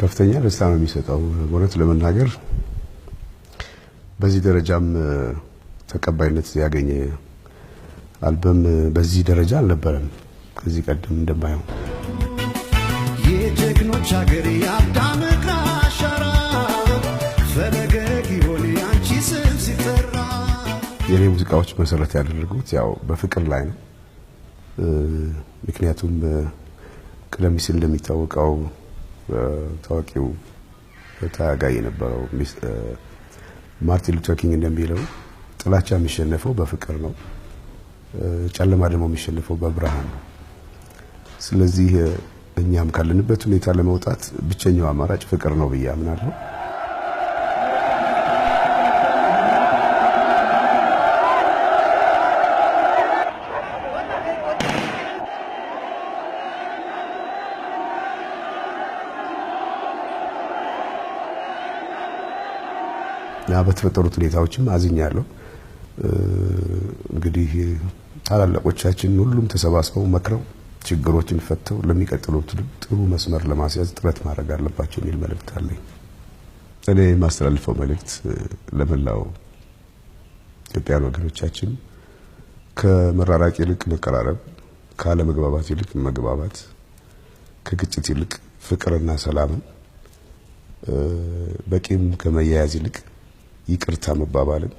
ከፍተኛ ደስታ ነው የሚሰጠው። እውነት ለመናገር በዚህ ደረጃም ተቀባይነት ያገኘ አልበም በዚህ ደረጃ አልነበረም ከዚህ ቀደም እንደማየው። የጀግኖች ሀገር አሻራ ስም የኔ ሙዚቃዎች መሰረት ያደረጉት ያው በፍቅር ላይ ነው። ምክንያቱም ቀደም ሲል እንደሚታወቀው ታዋቂው ታጋይ የነበረው ማርቲን ሉተር ኪንግ እንደሚለው ጥላቻ የሚሸነፈው በፍቅር ነው፣ ጨለማ ደግሞ የሚሸነፈው በብርሃን ነው። ስለዚህ እኛም ካለንበት ሁኔታ ለመውጣት ብቸኛው አማራጭ ፍቅር ነው ብዬ አምናለሁ። እና በተፈጠሩት ሁኔታዎችም አዝኛለሁ። እንግዲህ ታላላቆቻችን ሁሉም ተሰባስበው መክረው ችግሮችን ፈተው ለሚቀጥለው ጥሩ መስመር ለማስያዝ ጥረት ማድረግ አለባቸው የሚል መልእክት አለኝ። እኔ የማስተላልፈው መልእክት ለመላው ኢትዮጵያን ወገኖቻችን ከመራራቅ ይልቅ መቀራረብ፣ ካለመግባባት ይልቅ መግባባት፣ ከግጭት ይልቅ ፍቅርና ሰላምን በቂም ከመያያዝ ይልቅ ይቅርታ መባባልን